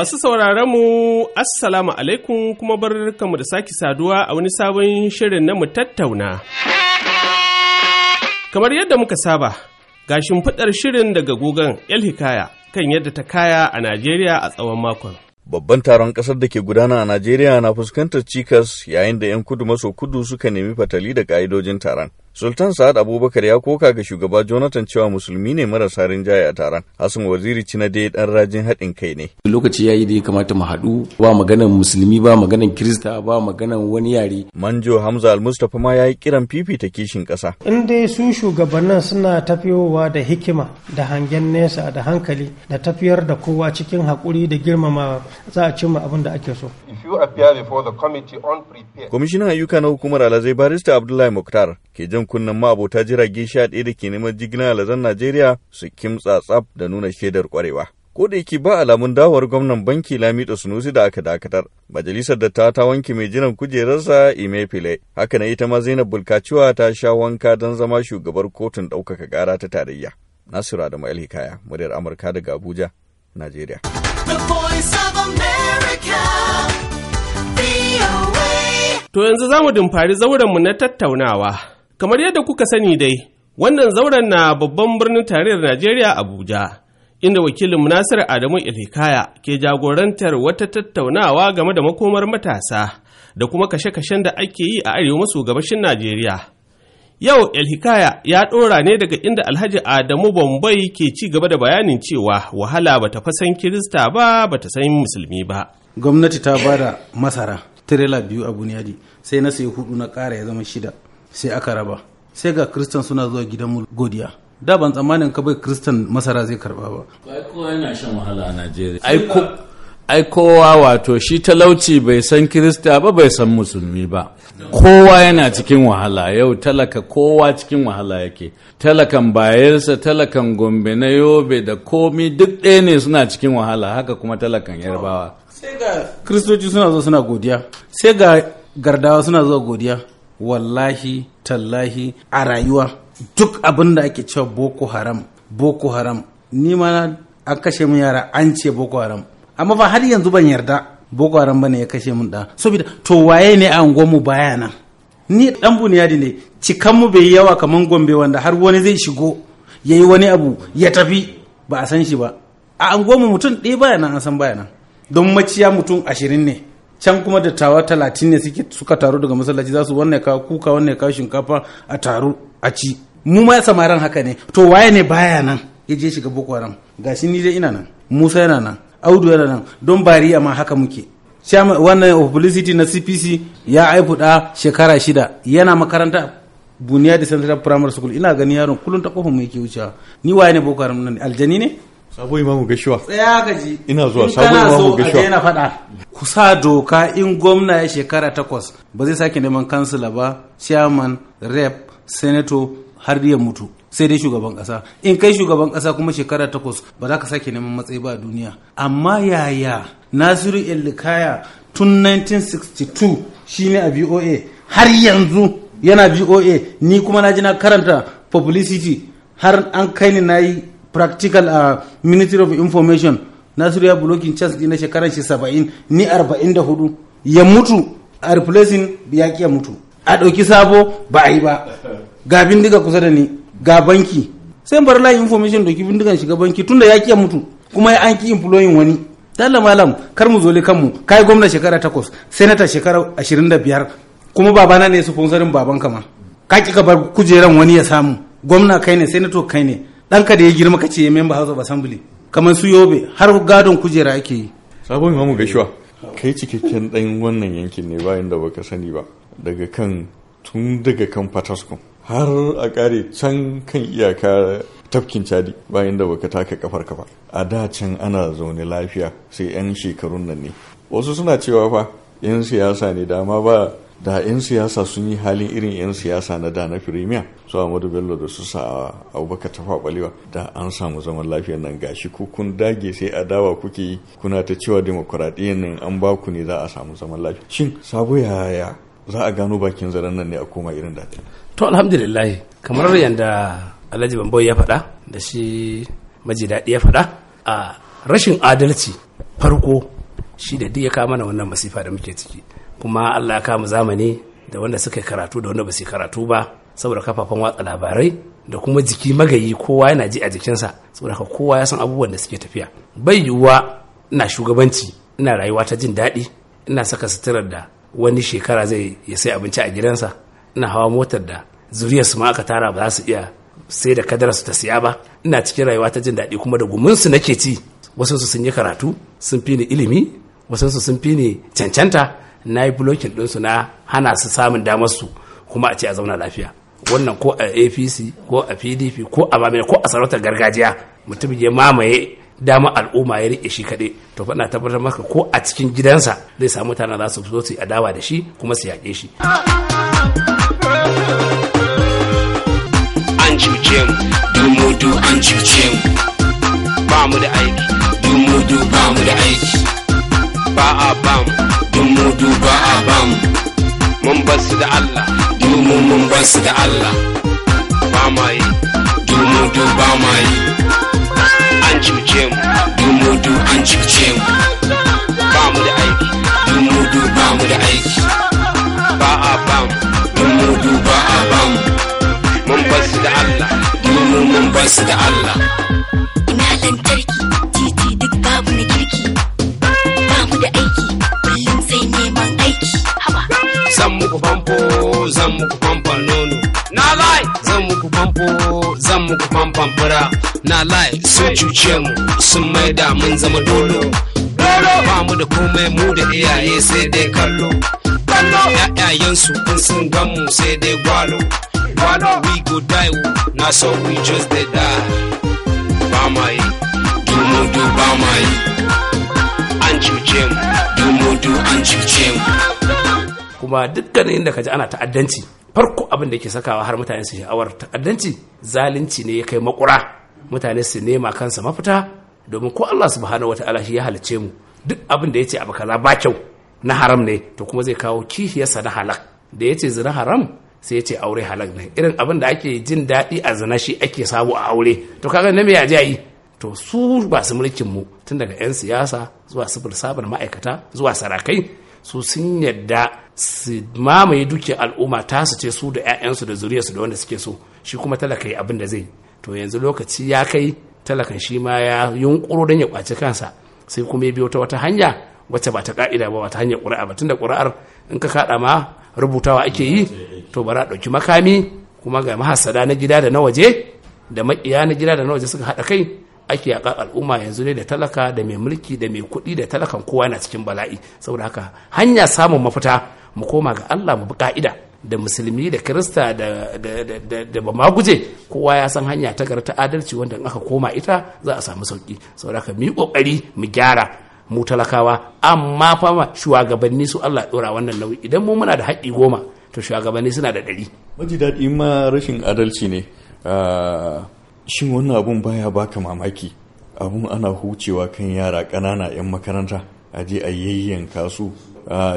Masu sauraron mu Assalamu alaikum kuma bar da sake saduwa a wani sabon shirin na mu tattauna. Kamar yadda muka saba, ga shimfiɗar shirin daga gogon El Hikaya kan yadda ta kaya a Najeriya a tsawon makon. Babban taron ƙasar da ke gudana a Najeriya na fuskantar cikas yayin da 'yan kudu maso kudu suka nemi fatali da ƙa'idojin taron. Sultan Sa'ad Abubakar ya koka ga shugaba Jonathan cewa musulmi ne marasa rinjaye a taron. Hassan Waziri Cina dai dan rajin haɗin kai ne. Lokaci ya yi da ya kamata mu haɗu ba maganan musulmi ba maganan kirista ba maganan wani yare. Manjo Hamza Al-Mustafa ma ya yi kiran fifita kishin ƙasa. In dai su shugabannin suna tafiyowa da hikima da hangen nesa da hankali da tafiyar da kowa cikin haƙuri da girmama za a cimma abin da ake so. Kwamishinan ayyuka na hukumar Alhazai Barista Abdullahi mukhtar ke jan kunnen ma'abota jirage sha ɗaya da ke neman jigina lazan Najeriya su kimtsa tsaf da nuna shaidar kwarewa Ko da yake ba alamun dawowar gwamnan banki Lamido Sunusi da aka dakatar, majalisar da ta ta wanke mai jiran kujerarsa Imefile. Haka na ita ma Zainab Bulkaciwa ta sha wanka don zama shugabar kotun ɗaukaka ƙara ta tarayya. Nasiru Adamu Alhikaya, muryar Amurka daga Abuja, Najeriya. To yanzu za mu dumfari zaurenmu na tattaunawa. Kamar yadda kuka sani dai, wannan zauren na babban birnin tarayyar Najeriya Abuja, inda wakilin Nasiru Adamu ilhikaya ke jagorantar wata tattaunawa game da makomar matasa da kuma kashe-kashen da ake yi a arewa maso gabashin Najeriya. Yau Ilhikaya ya ɗora ne daga inda Alhaji Adamu Bombay ke ci gaba da bayanin cewa wahala bata fasan Kirista ba bata san musulmi ba. Gwamnati ta bada masara tirela biyu a Buniyadi sai na sayi hudu na ƙara ya zama shida. sai aka raba sai ga kristan suna zuwa gidan godiya da ban tsammanin ka bai kristan masara zai karba ba ai kowa yana shan wahala a najeriya ai kowa wato shi talauci bai san kirista ba bai san musulmi ba kowa yana cikin wahala yau talaka kowa cikin wahala yake talakan bayelsa talakan gombe na yobe da komi duk ɗaya ne suna cikin wahala haka kuma talakan yarbawa sai ga kiristoci suna zo suna godiya sai ga gardawa suna zo godiya wallahi tallahi a rayuwa duk abin da ake cewa boko haram boko haram ni ma an kashe mun yara an ce boko haram amma ba har yanzu ban yarda boko haram bane ya kashe mun da saboda to waye ne a unguwarmu baya nan ni dan buniyadi ne cikan mu bai yawa kaman gombe wanda har wani zai shigo yayi wani abu ya tafi ba a san shi ba a unguwarmu mutum ɗaya baya nan an san baya nan don maciya mutum ashirin ne can kuma dattawa talatin ne suka taru daga masallaci za su wannan ka kuka wannan ka shinkafa a taru a ci mu ma samaran haka ne to waye ne baya nan ya je shiga boko haram gashi ni dai ina nan musa yana nan audu yana nan don bariya ma haka muke wannan publicity na cpc ya aifu da shekara shida yana makaranta buniya da central primary school ina gani yaron kullum ta kofa mu yake wucewa ni waye ne boko haram nan aljani ne sabo imamu gashuwa ya gaji ina zuwa sabo imamu gashuwa ina faɗa ku sa doka in gwamna ya shekara takwas ba zai sake neman kansila ba chairman rep senato har ya mutu sai dai shugaban kasa in kai shugaban kasa kuma shekara takwas ba za ka sake neman matsayi ba a duniya amma yaya nasiru elikaya tun 1962 shine a voa har yanzu yana voa ni kuma na ji na karanta publicity har an kai ni na yi practical a uh, ministry of information nasiru ya blocking chance na shekaran shi 70 ni arba'in da ya mutu a replacing ya ya mutu a ɗauki sabo ba a yi ba ga bindiga kusa da ni ga banki sai bar layin information doki bindigan shiga banki tunda ya kiya mutu kuma ya an ki employing wani dalla malam kar mu zole kanmu kai gwamna shekara takwas senator shekara ashirin da biyar kuma babana ne sponsorin baban kama ka ki ka bar kujeran wani ya samu gwamna kai ne senator kai ne ɗanka da ya girma ka ce member house of assembly kamar su yobe har gadon kujera ake yi sabon imamu gashuwa kai cikakken ɗan wannan yankin ne bayan da baka sani ba daga kan tun daga kan fataskun har a kare can kan iyaka tafkin cadi bayan da baka taka kafar ka ba a da can ana zaune lafiya sai 'yan shekarun nan ne wasu suna cewa fa 'yan siyasa ne dama ba da 'yan siyasa sun yi halin irin 'yan siyasa na da na firimiya su amadu bello da su sa abubakar tafa faɓalewa da an samu zaman lafiya nan gashi ko kun dage sai a dawa kuke yi kuna ta cewa demokuraɗiyyar nan an ba ku ne za a samu zaman lafiya shin sabo yaya za a gano bakin zaren nan ne a koma irin da to alhamdulillah kamar yadda alhaji bambo ya faɗa da shi maji daɗi ya faɗa a rashin adalci farko shi da duk ya kama mana wannan masifa da muke ciki kuma allah ya kama zamani da wanda suka karatu da wanda ba su karatu ba saboda kafafen watsa labarai da kuma jiki magayi kowa yana ji a jikinsa saboda ka kowa ya san abubuwan da suke tafiya bai yiwuwa ina shugabanci ina rayuwa ta jin daɗi ina saka suturar da wani shekara zai ya sai abinci a gidansa ina hawa motar da zuriyar su ma aka tara ba za su iya sai da kadara su ta siya ba ina cikin rayuwa ta jin daɗi kuma da gumin su nake ci wasu su sun yi karatu sun fi ni ilimi wasu su sun fi ni cancanta na yi blocking ɗinsu na hana su samun damar su kuma a ce a zauna lafiya wannan ko a apc ko a pdp ko a mamaya ko a sarautar gargajiya mutum ya mamaye dama al'umma ya riƙe shi kaɗai to fa tabbatar maka ko a cikin gidansa zai samu mutanen za su zo su adawa da shi kuma su yaƙe shi an cuce mu dumudu an cuce mu ba mu da aiki dumudu ba mu da aiki ba a bam dumudu ba a bam mun basu da Allah dumu mun basu da Allah ba ma yi dumudu ba ma yi an cuce mu dumudu an cuce mu ba mu da aiki dumudu ba mu da aiki ba a bam dumudu ba a bam mun basu da Allah dumu mun basu da Allah da aiki kullum sai neman aiki haba zan muku famfo zan muku famfan nono na lai zan muku famfo zan muku famfan fura na lai sun cuce mu sun da mun zama dolo dolo ba mu da komai mu da iyaye sai dai kallo kallo ƴaƴayensu in sun gan mu sai dai gwalo gwalo we go die na so we just dey die ba ma yi dumu du ba ma yi an cuce kuma dukkanin inda kaji ana ta'addanci farko abin da ke sakawa har mutane su sha'awar ta'addanci zalunci ne ya kai makura mutane su nema kansa mafita domin ko Allah subhanahu wataala shi ya halice mu duk abin da ya ce abu kaza ba kyau na haram ne to kuma zai kawo kishiyarsa na halak da ya ce zina haram sai ya ce aure halak ne irin abin da ake jin daɗi a zina shi ake samu a aure to kaga na me ya yi to su masu mulkin mu tun daga 'yan siyasa zuwa sifil sabar ma'aikata zuwa sarakai su sun yadda su mamaye duke al'umma ta su ce su da 'ya'yansu da zuriyarsu da wanda suke so shi kuma talaka yi abin da zai to yanzu lokaci ya kai talakan shi ma ya yunkuro don ya kwaci kansa sai kuma ya biyo ta wata hanya wacce ba ta ka'ida ba wata hanyar ƙuri'a ba tunda ƙuri'ar in ka kaɗa ma rubutawa ake yi to bara ɗauki makami kuma ga mahasada na gida da na waje da maƙiya na gida da na waje suka haɗa kai ake yaƙar al'umma yanzu ne da talaka da mai mulki da mai kuɗi da talakan kowa yana cikin bala'i saboda haka hanya samun mafita mu koma ga Allah mu bi ka'ida da musulmi da kirista da da ba maguje kowa ya san hanya ta ta adalci wanda in aka koma ita za a samu sauki saboda haka mu yi kokari mu gyara mu talakawa amma fama shugabanni su Allah dora wannan nauyi idan mu muna da haƙƙi goma to shugabanni suna da ɗari. Maji daɗi ma rashin adalci ne. Ah, shin wannan abun baya baka mamaki abun ana hucewa kan yara ƙanana 'yan makaranta a je a yayyanka su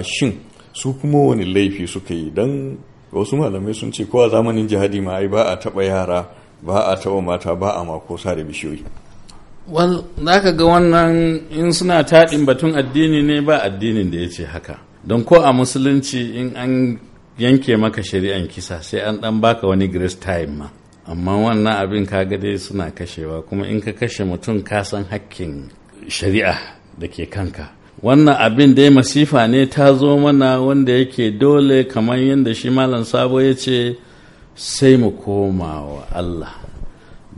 shin su kuma wani laifi suka yi don wasu malamai sun ce kowa zamanin jihadi ma ai ba a taɓa yara ba a taɓa mata ba a mako sa da bishiyoyi wal za ka ga wannan in suna taɗin batun addini ne ba addinin da ya ce haka don ko a musulunci in an yanke maka shari'an kisa sai an ɗan baka wani grace time ma amma wannan abin kaga dai suna kashewa kuma in ka kashe mutum ka san hakkin shari'a da ke kanka wannan abin dai masifa ne ta zo mana wanda yake dole kamar yadda shi malam sabo ya ce sai mu koma wa allah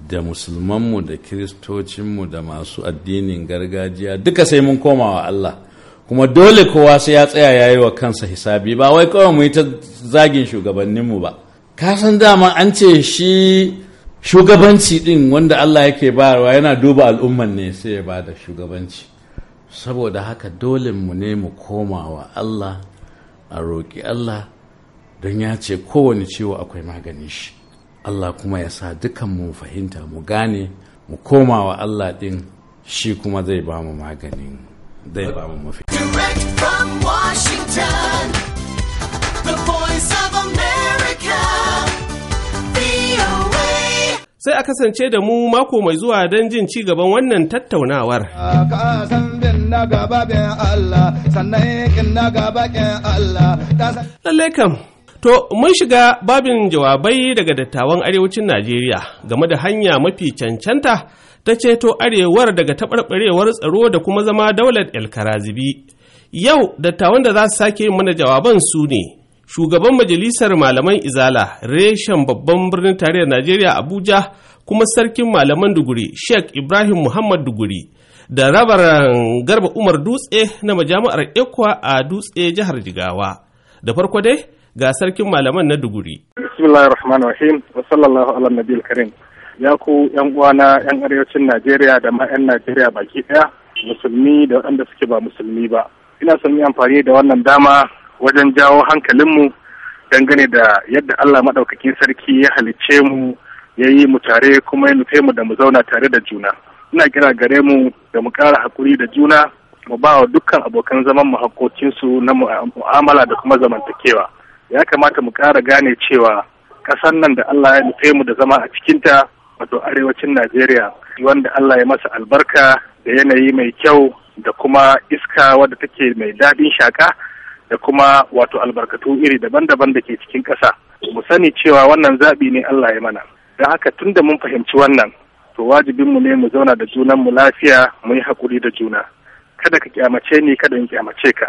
da musulmanmu da kiristocinmu da masu addinin gargajiya duka sai mun koma wa allah kuma dole kowa sai ya tsaya ya yi wa kansa hisabi ba wai kawai mu yi ta zagin shugabanninmu ba ka san dama an ce shi shugabanci din wanda Allah yake bayarwa yana duba al'umman ne sai ya bada shugabanci saboda haka dole mu ne mu koma wa Allah a roƙi Allah don ya ce kowane ciwo akwai magani shi Allah kuma ya sa dukan mu fahimta mu gane mu koma wa Allah din shi kuma zai ba mu maganin zai ba mu mafi. Direct from Washington, the sai a kasance da mu mako mai zuwa don jin ci gaban wannan tattaunawar. Lallai kam, to mun shiga babin jawabai daga dattawan arewacin Najeriya game da hanya mafi cancanta ta ceto arewar daga taɓarɓarewar tsaro da kuma zama daular El Karazibi. Yau dattawan da za su sake mana jawaban su ne. shugaban majalisar malaman izala reshen babban birnin tarayyar najeriya abuja kuma sarkin malaman duguri sheikh ibrahim muhammad duguri da rabaran garba umar dutse na majami'ar ekwa a dutse jihar jigawa da farko dai ga sarkin malaman na duguri bismillahir rahim ya ku yan uwana yan arewacin najeriya da ma yan najeriya baki daya musulmi da waɗanda suke ba musulmi ba ina son yi amfani da wannan dama wajen jawo hankalinmu dangane da yadda Allah maɗaukakin sarki ya halicce mu ya yi mu tare kuma ya nufe mu da mu zauna tare da juna. Ina kira gare mu da mu ƙara haƙuri da juna mu ba wa dukkan abokan zaman mu haƙoƙinsu na mu'amala da kuma zamantakewa. Ya kamata mu ƙara gane cewa ƙasan nan da Allah ya nufe mu da zama a cikinta wato arewacin Najeriya wanda Allah ya masa albarka da yanayi mai kyau da kuma iska wadda take mai daɗin shaka da kuma wato albarkatu iri daban-daban da ke cikin ƙasa mu sani cewa wannan zaɓi ne Allah ya mana Da haka tun da mun fahimci wannan to wajibinmu ne mu zauna da junan mu lafiya mu yi haƙuri da juna kada ka kyamace ni kada in kyamace ka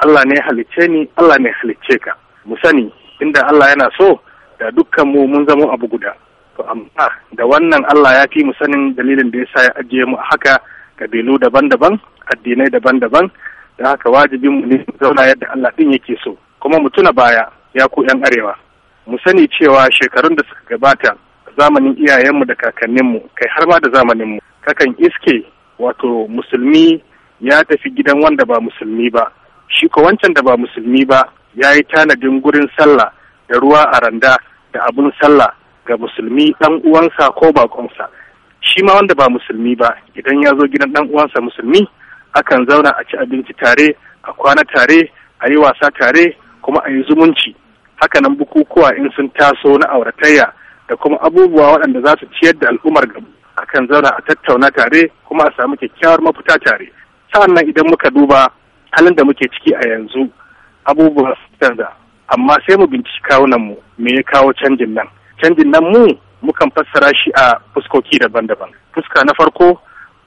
Allah ne halicce ni Allah ne halicce ka mu sani inda Allah yana so da dukkan mu mun zamo abu guda to amma da wannan Allah ya fi mu sanin dalilin da ya sa ya ajiye mu a haka kabilu daban-daban addinai daban-daban da haka wajibin mu ne zauna yadda Allah din yake so kuma mu tuna baya ya ku yan arewa mu sani cewa shekarun da suka gabata zamanin iyayenmu da kakanninmu kai har ma da zamanin mu kakan iske wato musulmi ya tafi gidan wanda ba musulmi ba shi ko wancan da ba musulmi ba ya yi tanadin gurin sallah da ruwa a randa da abun sallah ga musulmi dan uwansa ko bakonsa shi ma wanda ba musulmi ba idan ya zo gidan dan uwansa musulmi akan zauna a ci abinci tare a kwana tare a yi wasa tare kuma a yi zumunci hakanan bukukuwa in sun taso na auratayya da kuma abubuwa waɗanda za su ciyar da al'ummar gabu akan zauna a tattauna tare kuma a samu kyakkyawar mafita tare sa'an nan idan muka duba halin da muke ciki a yanzu abubuwa su canza amma sai mu binciki kawunan mu, me ya kawo canjin nan canjin nan mu mukan fassara shi a fuskoki daban-daban fuska na farko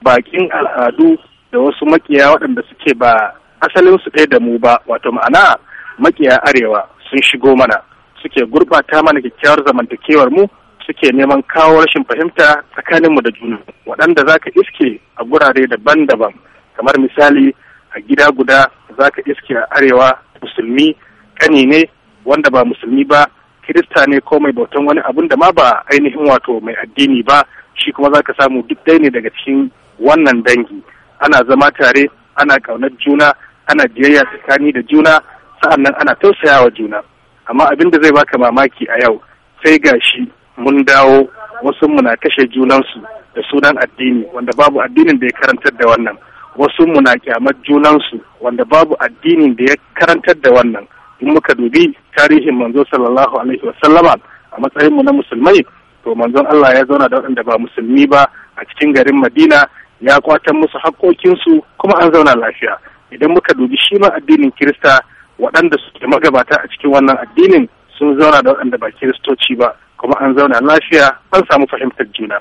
bakin al'adu da wasu makiya waɗanda suke ba asalin su ɗaya da mu ba wato ma'ana makiya arewa sun shigo mana suke gurɓata mana kyakkyawar zamantakewar mu suke neman kawo rashin fahimta tsakaninmu da juna waɗanda zaka iske a gurare daban-daban kamar misali a gida guda zaka iske a arewa musulmi ƙani ne wanda ba musulmi ba kirista ne ko mai bautan wani abun da ma ba ainihin wato mai addini ba shi kuma zaka samu duk ɗaya ne daga cikin wannan dangi ana zama tare ana ƙaunar juna ana biyayya tsakani da juna sa'an nan ana tausaya wa juna amma abin da zai baka mamaki a yau sai gashi mun dawo wasu na kashe junansu da sunan addini wanda babu addinin da ya karantar da wannan wasu na kyamar junansu wanda babu addinin da ya karantar da wannan in muka dubi tarihin manzo sallallahu alaihi wasallama a matsayinmu na musulmai to manzon Allah ya zauna da waɗanda ba musulmi ba a cikin garin Madina ya kwatan musu haƙoƙinsu kuma an zauna lafiya idan muka dubi shi ma addinin kirista waɗanda suke magabata a cikin wannan addinin sun zauna da waɗanda ba kiristoci ba kuma an zauna lafiya an samu fahimtar juna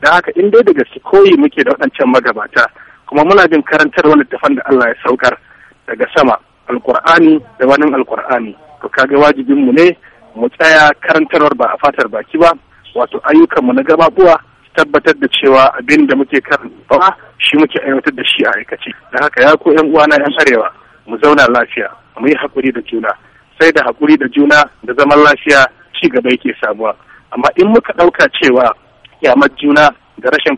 da haka in dai da gaske koyi muke da waɗancan magabata kuma muna bin karantarwa tafan da Allah ya saukar daga sama alkur'ani da wani alkur'ani to kaga wajibinmu ne mu tsaya karantarwar ba a fatar baki ba wato ayyukanmu na gababuwa tabbatar da cewa abin da muke karantawa shi muke aiwatar da shi a aikace da haka ya ko yan uwana yan arewa mu zauna lafiya mu yi hakuri da juna sai da hakuri da juna da zaman lafiya ci gaba yake samuwa amma in muka ɗauka cewa kyamar juna da rashin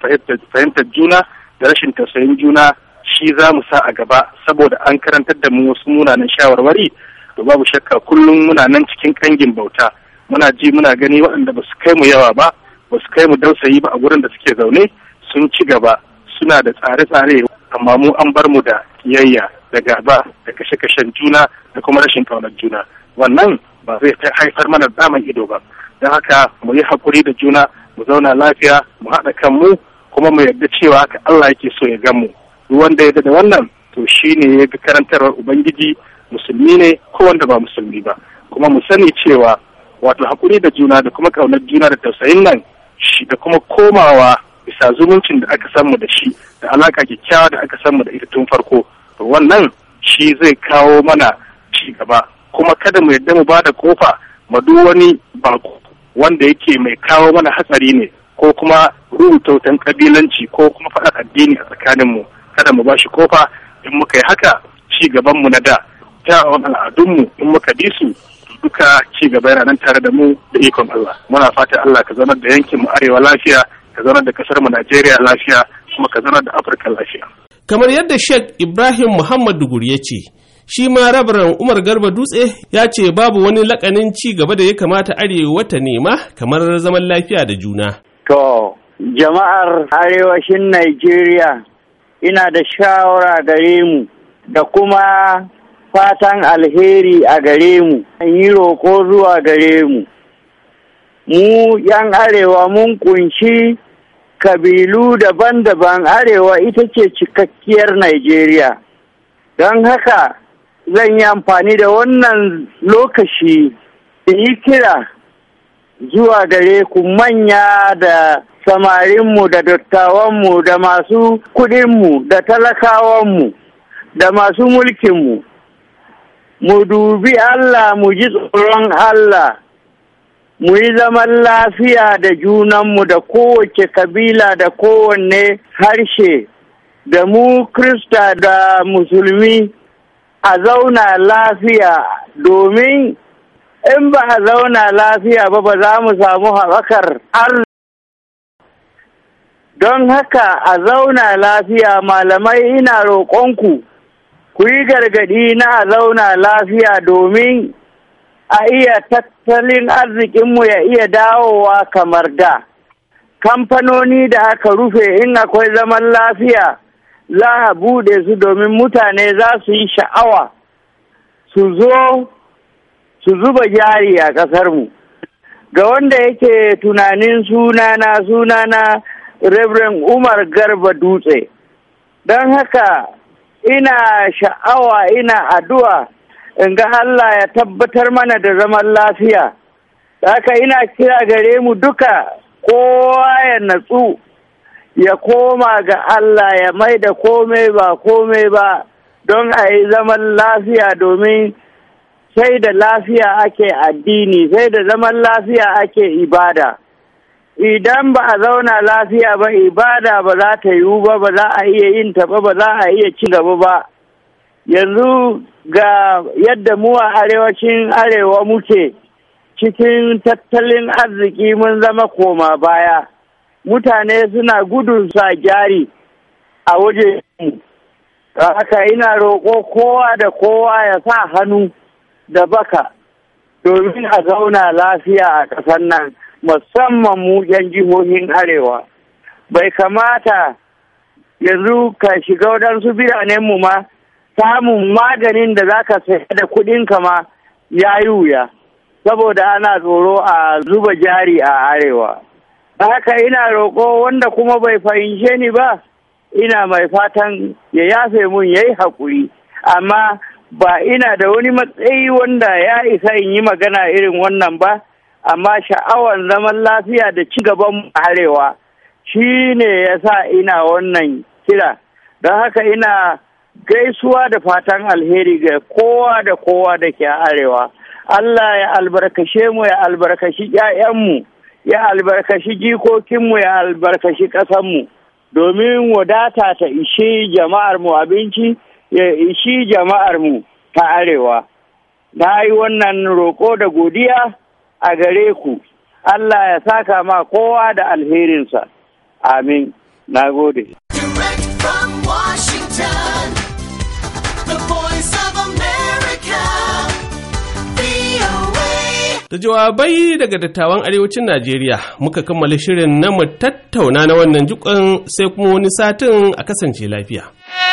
fahimtar juna da rashin tausayin juna shi za mu sa a gaba saboda an karantar da mu wasu munanan shawarwari to babu shakka kullum muna nan cikin kangin bauta muna ji muna gani waɗanda ba su kai mu yawa ba ba su kai mu don sayi ba a gurin da suke zaune sun ci gaba suna da tsare-tsare amma mu an bar mu da kiyayya da gaba da kashe-kashen juna da kuma rashin kaunar juna wannan ba zai haifar mana daman ido ba don haka mu yi hakuri da juna mu zauna lafiya mu haɗa kanmu kuma mu yarda cewa haka Allah yake so ya gan mu wanda ya da wannan to shine ya bi karantarwar ubangiji musulmi ne ko wanda ba musulmi ba kuma mu sani cewa wato hakuri da juna da kuma ƙaunar juna da tausayin nan shi da kuma komawa bisa zumuncin da aka samu da shi da alaka kyakkyawa da aka samu da ita tun farko wannan shi zai kawo mana ci gaba kuma kada mu yadda mu ba da kofa ma duk wani bako wanda yake mai kawo mana hatsari ne ko kuma rubutautan kabilanci ko kuma faɗa addini a tsakaninmu kada mu ba shi kofa in muka yi haka ci gabanmu na da Ta al'adun al'adunmu in muka bi su duka ci gaba yana nan tare da mu da ikon Allah muna fata Allah ka zama da yankin mu arewa lafiya ka zama da kasar mu Najeriya lafiya kuma ka zama da Afirka lafiya kamar yadda Sheikh Ibrahim Muhammad Duguri ya ce shi ma rabaran umar garba dutse ya ce babu wani lakanin ci gaba da ya kamata arewa ta nema kamar zaman lafiya da juna to jama'ar arewacin najeriya ina da shawara gare mu da kuma fatan alheri a gare mu yi roƙo zuwa gare mu mu yan arewa mun kunshi kabilu daban-daban arewa ita ce cikakkiyar Najeriya. don haka zan yi amfani da wannan lokaci da yi kira zuwa gare ku manya da samarinmu da dattawanmu da masu kudinmu da talakawanmu da masu mulkinmu mu dubi Allah mu ji tsoron Allah, mu yi zaman lafiya da junanmu da kowace kabila da kowanne harshe, da mu Krista da Musulmi a zauna lafiya domin in ba a zauna lafiya ba ba za mu samu haɓakar Allah. Don haka a zauna lafiya malamai ina roƙonku. ku yi gargaɗi na a zauna lafiya domin a iya tattalin arzikinmu ya iya dawowa kamar da. Kamfanoni da aka rufe in akwai zaman lafiya za a buɗe su domin mutane za su yi sha'awa su zo su zuba jari a ƙasarmu. Ga wanda yake tunanin sunana sunana Reverend Umar Garba Dutse. Don haka ina sha'awa ina addu'a in ga Allah ya tabbatar mana da zaman lafiya haka ina kira gare mu duka kowa ya natsu ya koma ga Allah ya mai da komai ba komai ba don a yi zaman lafiya domin sai da lafiya ake addini sai da zaman lafiya ake ibada. idan ba a zauna lafiya ba ibada ba za ta yiwu ba ba za a iya yin ta ba ba za a iya ci gaba ba yanzu ga yadda mu a arewacin arewa muke cikin tattalin arziki mun zama koma baya mutane suna gudun sa gyari a waje haka ina roƙo kowa da kowa ya sa hannu da baka domin a zauna lafiya a ƙasar nan musamman mu yan jihohin arewa bai kamata yanzu ka shiga waɗansu biranen mu ma samun maganin da za ka saya da kuɗin kama ya yi wuya saboda ana tsoro a zuba jari a arewa haka ina roƙo wanda kuma bai fahimce ni ba ina mai fatan ya yafe mun ya yi haƙuri amma ba ina da wani matsayi wanda ya isa in yi magana irin wannan ba amma sha'awar zaman lafiya da ci gaban arewa shi ne ya sa ina wannan kira don haka ina gaisuwa da fatan alheri ga kowa da kowa da ke arewa Allah ya albarkashe mu ya albarkashi ‘ya'yanmu ya albarkashi jikokinmu ya albarkashi ƙasanmu domin wadata ta ishi jama'ar mu abinci ya ishi jama'ar mu ta arewa na yi wannan roƙo da godiya a gare ku Allah ya saka ma kowa da alherinsa amin na gode Da jawabai daga dattawan arewacin Najeriya muka kammala shirin na mu tattauna na wannan jikon sai kuma wani satin a kasance lafiya.